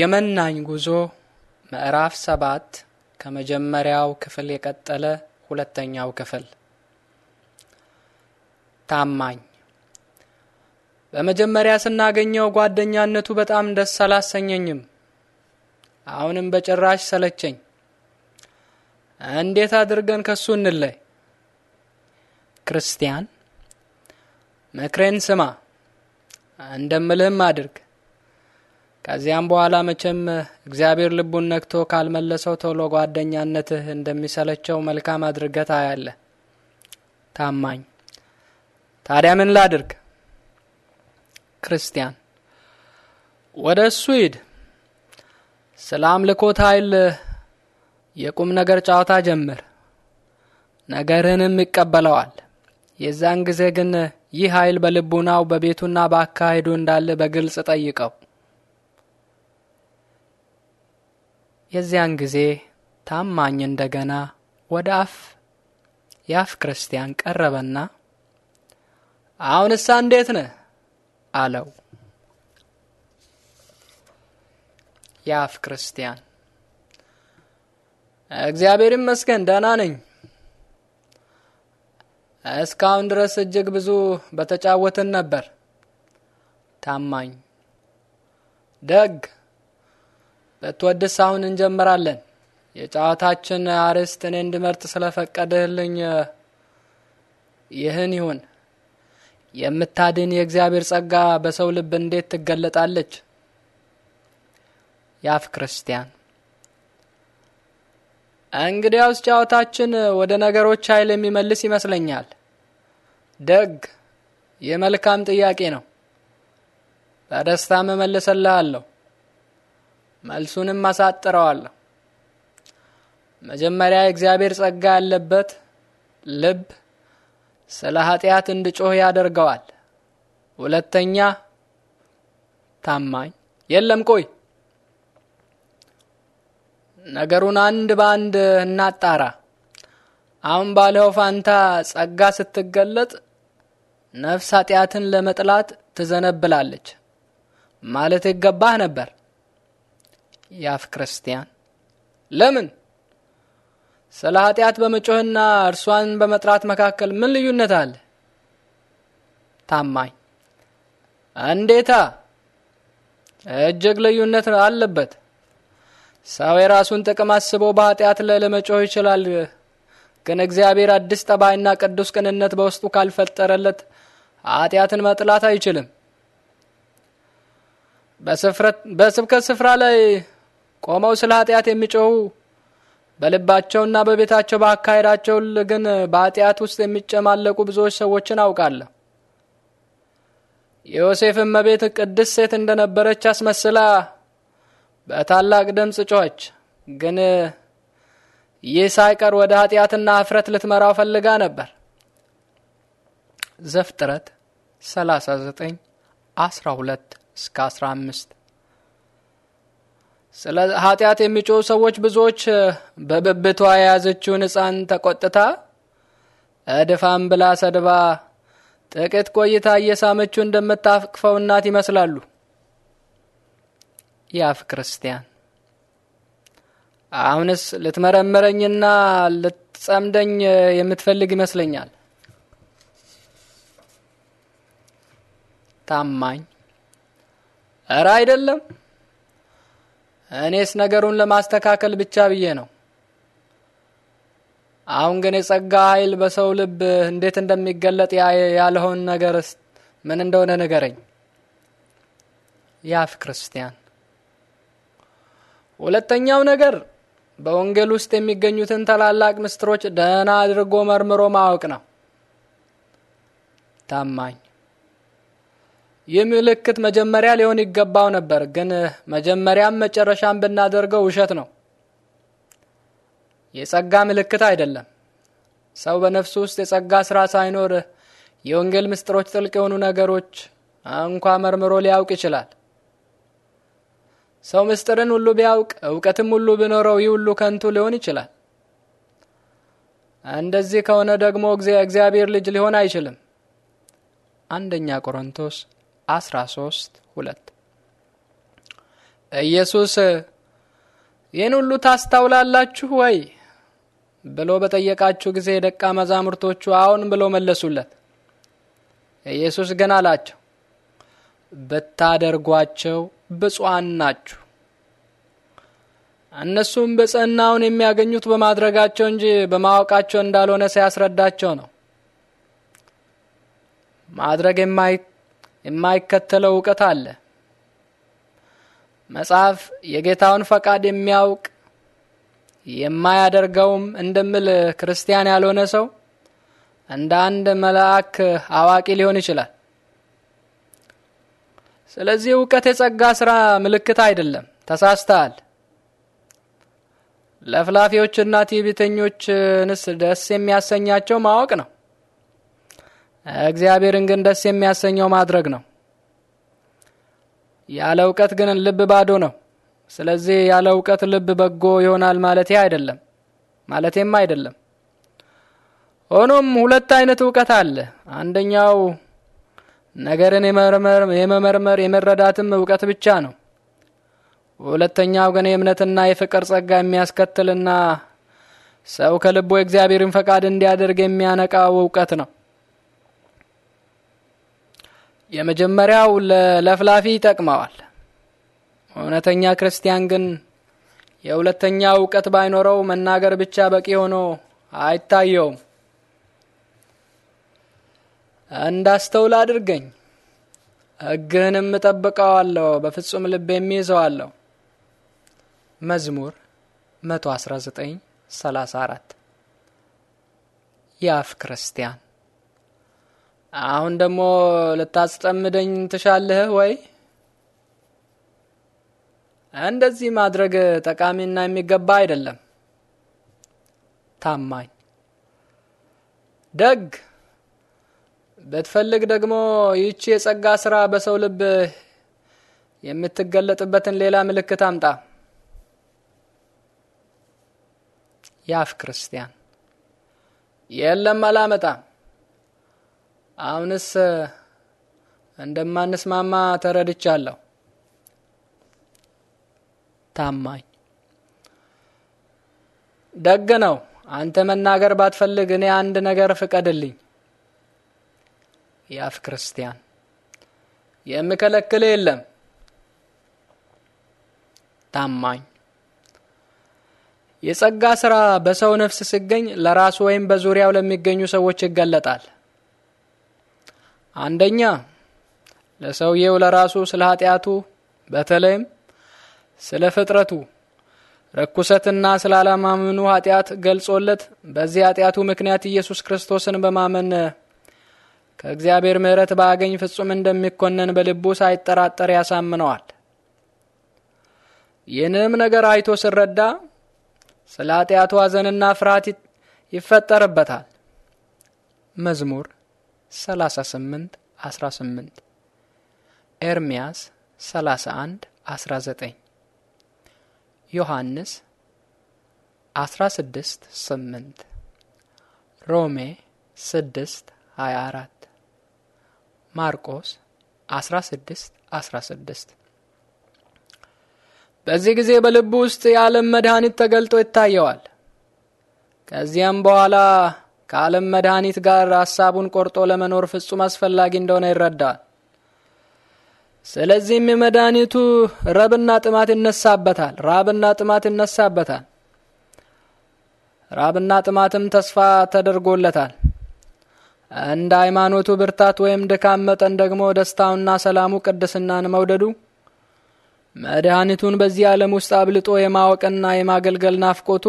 የመናኝ ጉዞ ምዕራፍ ሰባት ከመጀመሪያው ክፍል የቀጠለ ሁለተኛው ክፍል ታማኝ በመጀመሪያ ስናገኘው ጓደኛነቱ በጣም ደስ አላሰኘኝም። አሁንም በጭራሽ ሰለቸኝ። እንዴት አድርገን ከሱ እንለይ? ክርስቲያን ምክሬን ስማ፣ እንደምልህም አድርግ። ከዚያም በኋላ መቼም እግዚአብሔር ልቡን ነክቶ ካልመለሰው ቶሎ ጓደኛነትህ እንደሚሰለቸው መልካም አድርገህ ታያለህ። ታማኝ ታዲያ ምን ላድርግ? ክርስቲያን ወደ እሱ ሂድ። ስለ አምልኮት ኃይል የቁም ነገር ጨዋታ ጀምር። ነገርህንም ይቀበለዋል። የዛን ጊዜ ግን ይህ ኃይል በልቡናው በቤቱና በአካሄዱ እንዳለ በግልጽ ጠይቀው። የዚያን ጊዜ ታማኝ እንደገና ወደ አፍ የአፍ ክርስቲያን ቀረበና አሁንሳ እንዴት ነህ አለው። የአፍ ክርስቲያን እግዚአብሔር ይመስገን ደህና ነኝ። እስካሁን ድረስ እጅግ ብዙ በተጫወትን ነበር። ታማኝ ደግ ብትወድስ አሁን እንጀምራለን። የጨዋታችን አርዕስት እኔ እንድመርጥ ስለፈቀድህልኝ ይህን ይሁን። የምታድን የእግዚአብሔር ጸጋ በሰው ልብ እንዴት ትገለጣለች? የአፍ ክርስቲያን እንግዲያውስ ጨዋታችን ወደ ነገሮች ኃይል የሚመልስ ይመስለኛል። ደግ የመልካም ጥያቄ ነው። በደስታ መመልስልሃለሁ። መልሱንም አሳጥረዋለሁ። መጀመሪያ የእግዚአብሔር ጸጋ ያለበት ልብ ስለ ኃጢአት እንድጮህ ያደርገዋል። ሁለተኛ ታማኝ የለም ቆይ ነገሩን አንድ በአንድ እናጣራ። አሁን ባለው ፋንታ ጸጋ ስትገለጥ ነፍስ ኃጢአትን ለመጥላት ትዘነብላለች ማለት ይገባህ ነበር። የአፍ ክርስቲያን ለምን ስለ ኃጢአት በመጮህና እርሷን በመጥራት መካከል ምን ልዩነት አለ? ታማኝ እንዴታ እጅግ ልዩነት አለበት። ሰው የራሱን ጥቅም አስቦ በኃጢአት ላይ ለመጮህ ይችላል። ግን እግዚአብሔር አዲስ ጠባይና ቅዱስ ቅንነት በውስጡ ካልፈጠረለት ኃጢአትን መጥላት አይችልም። በስብከት ስፍራ ላይ ቆመው ስለ ኃጢአት የሚጮኹ በልባቸውና በቤታቸው በአካሄዳቸው ግን በኃጢአት ውስጥ የሚጨማለቁ ብዙዎች ሰዎችን አውቃለሁ። የዮሴፍን መቤት ቅድስት ሴት እንደነበረች አስመስላ በታላቅ ድምፅ ጮኸች። ግን ይህ ሳይቀር ወደ ኃጢአትና እፍረት ልትመራው ፈልጋ ነበር። ዘፍጥረት 39 12 እስከ 15 ስለ ኃጢአት የሚጮሁ ሰዎች ብዙዎች በብብቷ የያዘችውን ሕፃን ተቆጥታ እድፋም ብላ ሰድባ ጥቂት ቆይታ እየሳመችው እንደምታቅፈው እናት ይመስላሉ። ያፍ ክርስቲያን አሁንስ ልትመረምረኝና ልትጸምደኝ የምትፈልግ ይመስለኛል። ታማኝ እረ አይደለም። እኔስ ነገሩን ለማስተካከል ብቻ ብዬ ነው። አሁን ግን የጸጋ ኃይል በሰው ልብ እንዴት እንደሚገለጥ ያለውን ነገር ምን እንደሆነ ንገረኝ። ያፍ ክርስቲያን ሁለተኛው ነገር በወንጌል ውስጥ የሚገኙትን ታላላቅ ምስጢሮች ደህና አድርጎ መርምሮ ማወቅ ነው። ታማኝ ይህ ምልክት መጀመሪያ ሊሆን ይገባው ነበር፣ ግን መጀመሪያም መጨረሻም ብናደርገው ውሸት ነው። የጸጋ ምልክት አይደለም። ሰው በነፍሱ ውስጥ የጸጋ ስራ ሳይኖር የወንጌል ምስጢሮች ጥልቅ የሆኑ ነገሮች እንኳ መርምሮ ሊያውቅ ይችላል። ሰው ምስጢርን ሁሉ ቢያውቅ እውቀትም ሁሉ ቢኖረው ይህ ሁሉ ከንቱ ሊሆን ይችላል። እንደዚህ ከሆነ ደግሞ እግዚአብሔር ልጅ ሊሆን አይችልም። አንደኛ ቆሮንቶስ አስራ ሶስት ሁለት ኢየሱስ ይህን ሁሉ ታስታውላላችሁ ወይ ብሎ በጠየቃችሁ ጊዜ ደቀ መዛሙርቶቹ አሁን ብሎ መለሱለት። ኢየሱስ ግን አላቸው ብታደርጓቸው ብፁዓን ናችሁ። እነሱም ብጽዕናውን የሚያገኙት በማድረጋቸው እንጂ በማወቃቸው እንዳልሆነ ሲያስረዳቸው ነው። ማድረግ የማይ የማይከተለው እውቀት አለ። መጽሐፍ የጌታውን ፈቃድ የሚያውቅ የማያደርገውም እንደምል ክርስቲያን ያልሆነ ሰው እንደ አንድ መልአክ አዋቂ ሊሆን ይችላል። ስለዚህ እውቀት የጸጋ ስራ ምልክት አይደለም። ተሳስተሃል። ለፍላፊዎችና ትዕቢተኞችንስ ደስ የሚያሰኛቸው ማወቅ ነው። እግዚአብሔርን ግን ደስ የሚያሰኘው ማድረግ ነው። ያለ እውቀት ግን ልብ ባዶ ነው። ስለዚህ ያለ እውቀት ልብ በጎ ይሆናል ማለቴ አይደለም ማለቴም አይደለም። ሆኖም ሁለት አይነት እውቀት አለ። አንደኛው ነገርን የመመርመር የመረዳትም እውቀት ብቻ ነው። ሁለተኛው ግን የእምነትና የፍቅር ጸጋ የሚያስከትልና ሰው ከልቦ የእግዚአብሔርን ፈቃድ እንዲያደርግ የሚያነቃው እውቀት ነው። የመጀመሪያው ለፍላፊ ይጠቅመዋል። እውነተኛ ክርስቲያን ግን የሁለተኛ እውቀት ባይኖረው መናገር ብቻ በቂ ሆኖ አይታየውም። እንዳስተውል አድርገኝ፣ ሕግህንም እጠብቀዋለሁ፣ በፍጹም ልብ የሚይዘዋለሁ። መዝሙር 119 34 የአፍ ክርስቲያን አሁን ደግሞ ልታስጠምደኝ ትሻለህ ወይ? እንደዚህ ማድረግ ጠቃሚና የሚገባ አይደለም። ታማኝ ደግ ብትፈልግ ደግሞ ይህቺ የጸጋ ስራ በሰው ልብ የምትገለጥበትን ሌላ ምልክት አምጣ። ያፍ ክርስቲያን የለም አላመጣም። አሁንስ እንደማንስማማ ተረድቻለሁ። ታማኝ ደግ ነው። አንተ መናገር ባትፈልግ እኔ አንድ ነገር ፍቀድልኝ። የአፍ ክርስቲያን የምከለክል የለም። ታማኝ የጸጋ ስራ በሰው ነፍስ ሲገኝ ለራሱ ወይም በዙሪያው ለሚገኙ ሰዎች ይገለጣል። አንደኛ ለሰውየው ለራሱ ስለ ኃጢአቱ በተለይም ስለ ፍጥረቱ ርኩሰትና ስላለማመኑ ኃጢአት ገልጾለት በዚህ ኃጢአቱ ምክንያት ኢየሱስ ክርስቶስን በማመን ከእግዚአብሔር ምሕረት ባገኝ ፍጹም እንደሚኮነን በልቡ ሳይጠራጠር ያሳምነዋል። ይህንም ነገር አይቶ ሲረዳ ስለ ኃጢአቱ ሐዘንና ፍርሃት ይፈጠርበታል። መዝሙር 38 18 ኤርምያስ 31 19 ዮሐንስ 16 8 ሮሜ 6 24 ማርቆስ 16 16 በዚህ ጊዜ በልቡ ውስጥ የዓለም መድኃኒት ተገልጦ ይታየዋል። ከዚያም በኋላ ከዓለም መድኃኒት ጋር ሐሳቡን ቆርጦ ለመኖር ፍጹም አስፈላጊ እንደሆነ ይረዳል። ስለዚህም የመድኃኒቱ ረብና ጥማት ይነሳበታል። ራብና ጥማት ይነሳበታል። ራብና ጥማትም ተስፋ ተደርጎለታል። እንደ ሃይማኖቱ ብርታት ወይም ድካም መጠን ደግሞ ደስታውና ሰላሙ ቅድስናን መውደዱ መድኃኒቱን በዚህ ዓለም ውስጥ አብልጦ የማወቅና የማገልገል ናፍቆቱ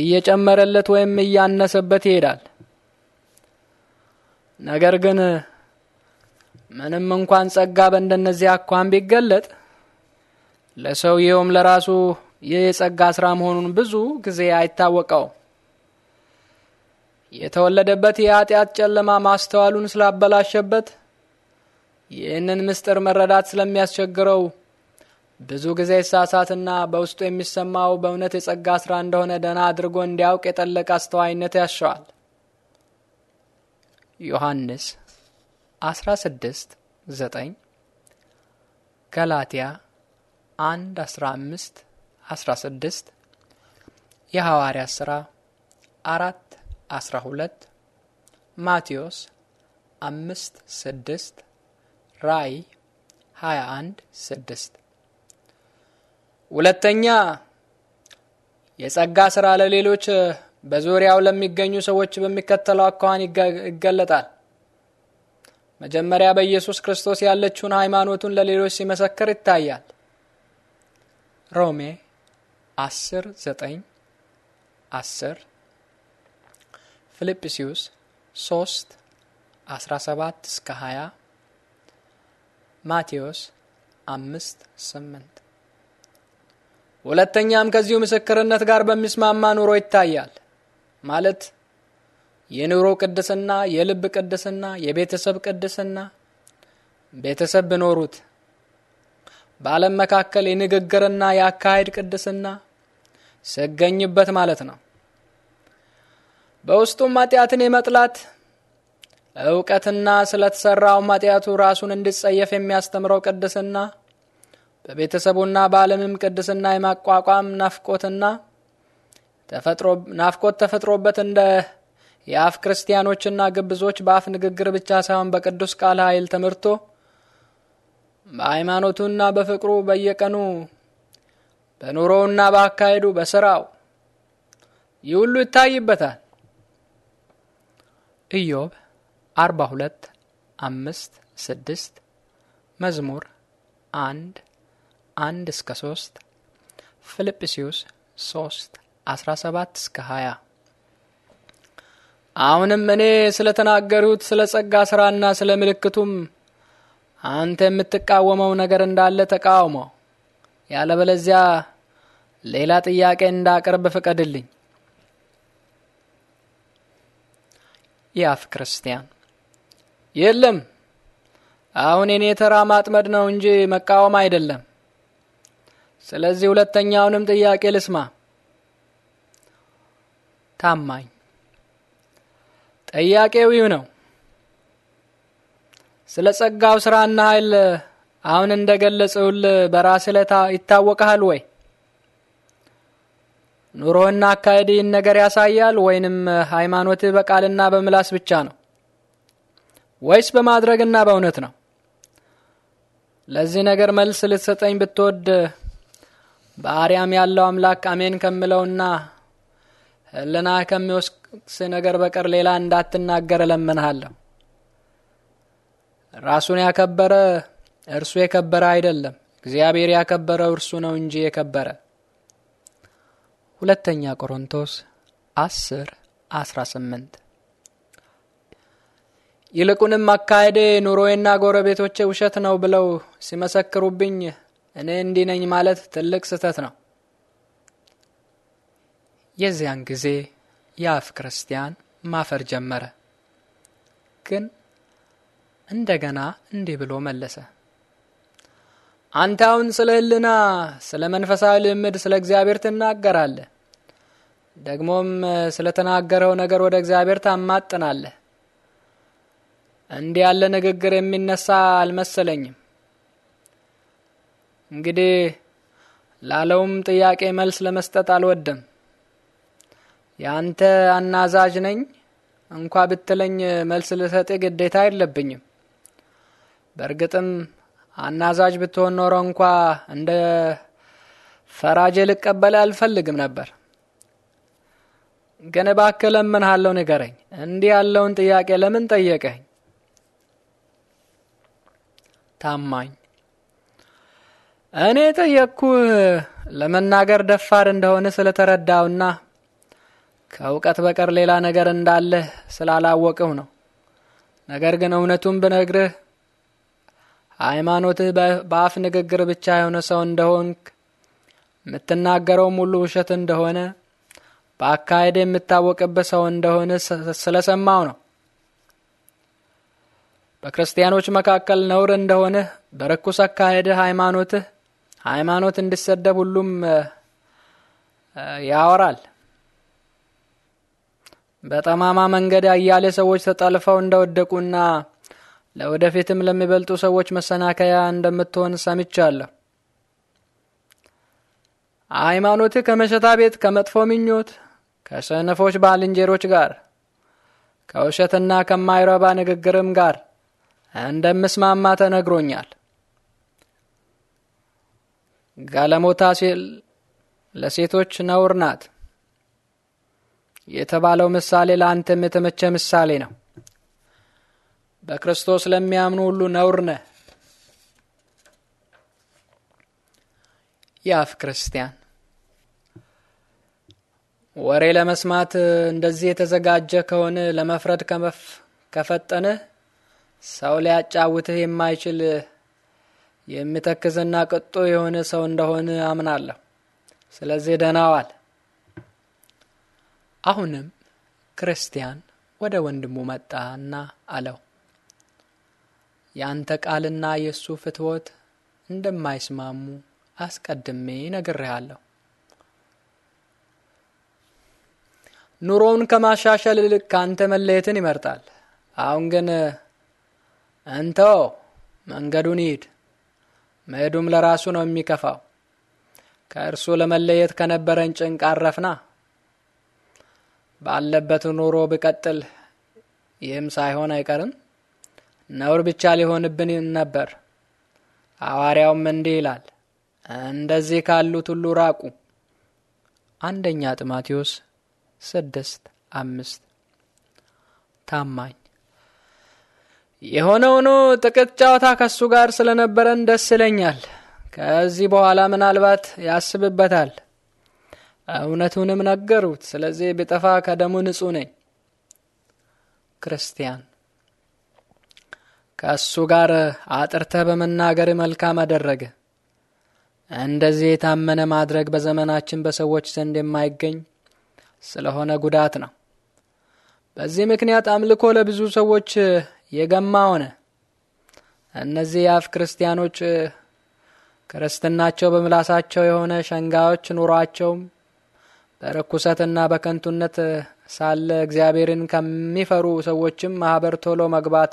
እየጨመረለት ወይም እያነሰበት ይሄዳል። ነገር ግን ምንም እንኳን ጸጋ በእንደነዚህ አኳን ቢገለጥ ለሰውየውም ለራሱ ይህ የጸጋ ስራ መሆኑን ብዙ ጊዜ አይታወቀው የተወለደበት የኃጢአት ጨለማ ማስተዋሉን ስላበላሸበት ይህንን ምስጢር መረዳት ስለሚያስቸግረው ብዙ ጊዜ እሳሳትና በውስጡ የሚሰማው በእውነት የጸጋ ስራ እንደሆነ ደህና አድርጎ እንዲያውቅ የጠለቀ አስተዋይነት ያሻዋል። ዮሐንስ 16 9 ገላትያ 1 15 16 የሐዋርያት ሥራ 4 12 ማቴዎስ 5 6 ራእይ 21 6 ሁለተኛ የጸጋ ስራ ለሌሎች በዙሪያው ለሚገኙ ሰዎች በሚከተለው አኳኋን ይገለጣል። መጀመሪያ በኢየሱስ ክርስቶስ ያለችውን ሃይማኖቱን ለሌሎች ሲመሰክር ይታያል። ሮሜ አስር ዘጠኝ አስር ፊልጵስዩስ ሶስት አስራ ሰባት እስከ ሀያ ማቴዎስ አምስት ስምንት ሁለተኛም ከዚሁ ምስክርነት ጋር በሚስማማ ኑሮ ይታያል ማለት የኑሮ ቅድስና፣ የልብ ቅድስና፣ የቤተሰብ ቅድስና ቤተሰብ ብኖሩት በዓለም መካከል የንግግርና የአካሄድ ቅድስና ስገኝበት ማለት ነው። በውስጡም ኃጢአትን የመጥላት እውቀትና ስለተሰራው ኃጢአቱ ራሱን እንዲጸየፍ የሚያስተምረው ቅድስና በቤተሰቡና በዓለምም ቅድስና የማቋቋም ናፍቆትና ናፍቆት ተፈጥሮበት እንደ የአፍ ክርስቲያኖችና ግብዞች በአፍ ንግግር ብቻ ሳይሆን በቅዱስ ቃል ኃይል ተመርቶ በሃይማኖቱና በፍቅሩ በየቀኑ በኑሮውና በአካሄዱ በስራው ይህ ሁሉ ይታይበታል። ኢዮብ አርባ ሁለት አምስት ስድስት መዝሙር አንድ 1 እስከ 3 ፊልጵስዩስ 3 17 እስከ 20 አሁንም እኔ ስለ ተናገሩት ስለ ጸጋ ሥራና ስለ ምልክቱም አንተ የምትቃወመው ነገር እንዳለ ተቃውሞ፣ ያለበለዚያ ሌላ ጥያቄ እንዳቅርብ ፍቀድልኝ። የአፍ ክርስቲያን የለም። አሁን የኔ ተራ ማጥመድ ነው እንጂ መቃወም አይደለም። ስለዚህ ሁለተኛውንም ጥያቄ ልስማ። ታማኝ ጥያቄው ይህ ነው። ስለ ጸጋው ስራና ኃይል አሁን እንደ ገለጽውል በራስ ለታ ይታወቀሃል ወይ? ኑሮህና አካሄድ ይህን ነገር ያሳያል? ወይንም ሃይማኖትህ በቃልና በምላስ ብቻ ነው? ወይስ በማድረግና በእውነት ነው? ለዚህ ነገር መልስ ልትሰጠኝ ብትወድ በአርያም ያለው አምላክ አሜን ከምለውና ህልና ከሚወስስ ነገር በቀር ሌላ እንዳትናገር እለምንሃለሁ። ራሱን ያከበረ እርሱ የከበረ አይደለም፣ እግዚአብሔር ያከበረው እርሱ ነው እንጂ የከበረ። ሁለተኛ ቆሮንቶስ አስር አስራ ስምንት ይልቁንም አካሄዴ ኑሮዬና ጎረቤቶቼ ውሸት ነው ብለው ሲመሰክሩብኝ እኔ እንዲህ ነኝ ማለት ትልቅ ስህተት ነው። የዚያን ጊዜ የአፍ ክርስቲያን ማፈር ጀመረ። ግን እንደገና እንዲህ ብሎ መለሰ። አንተ አሁን ስለ ሕሊና፣ ስለ መንፈሳዊ ልምድ፣ ስለ እግዚአብሔር ትናገራለህ። ደግሞም ስለ ተናገረው ነገር ወደ እግዚአብሔር ታማጥናለህ። እንዲህ ያለ ንግግር የሚነሳ አልመሰለኝም። እንግዲህ ላለውም ጥያቄ መልስ ለመስጠት አልወደም። የአንተ አናዛዥ ነኝ እንኳ ብትለኝ መልስ ልሰጥ ግዴታ የለብኝም። በእርግጥም አናዛዥ ብትሆን ኖሮ እንኳ እንደ ፈራጄ ልቀበል አልፈልግም ነበር። ግን እባክህ ለምንሃለሁ ንገረኝ፣ እንዲህ ያለውን ጥያቄ ለምን ጠየቀኝ? ታማኝ እኔ ጠየቅኩህ ለመናገር ደፋር እንደሆነ ስለተረዳውና ከእውቀት በቀር ሌላ ነገር እንዳለህ ስላላወቅሁ ነው። ነገር ግን እውነቱን ብነግርህ ሃይማኖትህ በአፍ ንግግር ብቻ የሆነ ሰው እንደሆንክ የምትናገረውም ሁሉ ውሸት እንደሆነ በአካሄድ የምታወቅበት ሰው እንደሆነ ስለሰማው ነው። በክርስቲያኖች መካከል ነውር እንደሆነ በርኩስ አካሄድህ ሃይማኖትህ ሃይማኖት እንዲሰደብ ሁሉም ያወራል። በጠማማ መንገድ አያሌ ሰዎች ተጠልፈው እንደወደቁና ለወደፊትም ለሚበልጡ ሰዎች መሰናከያ እንደምትሆን ሰምቻለሁ። ሃይማኖት ከመሸታ ቤት፣ ከመጥፎ ምኞት፣ ከሰነፎች ባልንጀሮች ጋር ከውሸትና ከማይረባ ንግግርም ጋር እንደምስማማ ተነግሮኛል። ጋለሞታ ሲል ለሴቶች ነውር ናት የተባለው ምሳሌ ለአንተም የተመቸ ምሳሌ ነው። በክርስቶስ ለሚያምኑ ሁሉ ነውር ነህ። የአፍ ክርስቲያን ወሬ ለመስማት እንደዚህ የተዘጋጀ ከሆነ ለመፍረድ ከፈጠንህ ሰው ሊያጫውትህ የማይችል የምተክዝና ቅጡ የሆነ ሰው እንደሆነ አምናለሁ። ስለዚህ ደህና ዋል። አሁንም ክርስቲያን ወደ ወንድሙ መጣና አለው፣ የአንተ ቃልና የእሱ ፍትወት እንደማይስማሙ አስቀድሜ ነግሬሃለሁ። ኑሮውን ከማሻሻል ይልቅ ከአንተ መለየትን ይመርጣል። አሁን ግን እንተው፣ መንገዱን ይሂድ። መዱም ለራሱ ነው የሚከፋው። ከእርሱ ለመለየት ከነበረን ጭንቅ አረፍና ባለበት ኑሮ ብቀጥል ይህም ሳይሆን አይቀርም ነውር ብቻ ሊሆንብን ነበር። ሐዋርያውም እንዲህ ይላል፣ እንደዚህ ካሉት ሁሉ ራቁ። አንደኛ ጢሞቴዎስ ስድስት አምስት ታማኝ የሆነውን ጥቂት ጨዋታ ከሱ ጋር ስለነበረን ደስ ይለኛል። ከዚህ በኋላ ምናልባት ያስብበታል። እውነቱንም ነገሩት። ስለዚህ ቢጠፋ ከደሙ ንጹሕ ነኝ። ክርስቲያን ከእሱ ጋር አጥርተህ በመናገር መልካም አደረገ። እንደዚህ የታመነ ማድረግ በዘመናችን በሰዎች ዘንድ የማይገኝ ስለሆነ ጉዳት ነው። በዚህ ምክንያት አምልኮ ለብዙ ሰዎች የገማ ሆነ። እነዚህ የአፍ ክርስቲያኖች ክርስትናቸው በምላሳቸው የሆነ ሸንጋዮች ኑሯቸውም በርኩሰትና በከንቱነት ሳለ እግዚአብሔርን ከሚፈሩ ሰዎችም ማህበር ቶሎ መግባት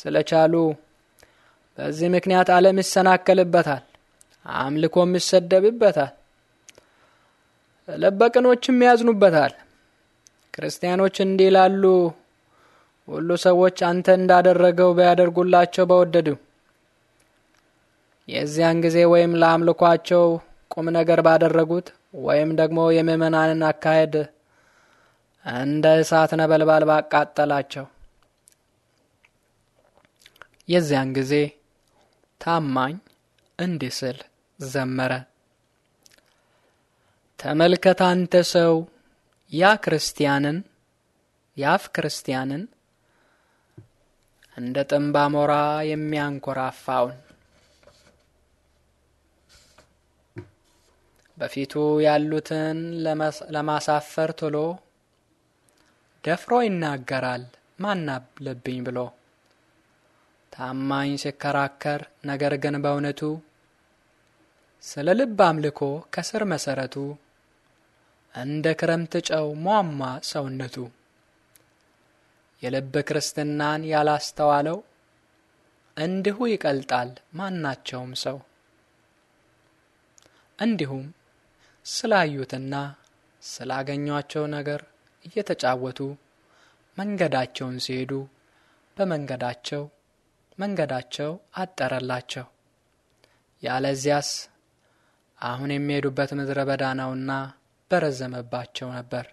ስለቻሉ በዚህ ምክንያት ዓለም ይሰናከልበታል፣ አምልኮም ይሰደብበታል፣ ለበቅኖችም ያዝኑበታል። ክርስቲያኖች እንዲህ ላሉ ሁሉ ሰዎች አንተ እንዳደረገው ቢያደርጉላቸው በወደዱ። የዚያን ጊዜ ወይም ለአምልኳቸው ቁም ነገር ባደረጉት ወይም ደግሞ የምእመናንን አካሄድ እንደ እሳት ነበልባል ባቃጠላቸው የዚያን ጊዜ ታማኝ እንዲህ ስል ዘመረ። ተመልከት አንተ ሰው ያ ክርስቲያንን ያፍ ክርስቲያንን እንደ ጥንብ አሞራ የሚያንኮራፋውን በፊቱ ያሉትን ለማሳፈር ቶሎ ደፍሮ ይናገራል ማናለብኝ ብሎ ታማኝ ሲከራከር፣ ነገር ግን በእውነቱ ስለ ልብ አምልኮ ከስር መሰረቱ እንደ ክረምት ጨው ሟሟ ሰውነቱ የልብ ክርስትናን ያላስተዋለው እንዲሁ ይቀልጣል ማናቸውም ሰው። እንዲሁም ስላዩትና ስላገኟቸው ነገር እየተጫወቱ መንገዳቸውን ሲሄዱ በመንገዳቸው መንገዳቸው አጠረላቸው። ያለዚያስ አሁን የሚሄዱበት ምድረ በዳ ነውና በረዘመባቸው ነበር።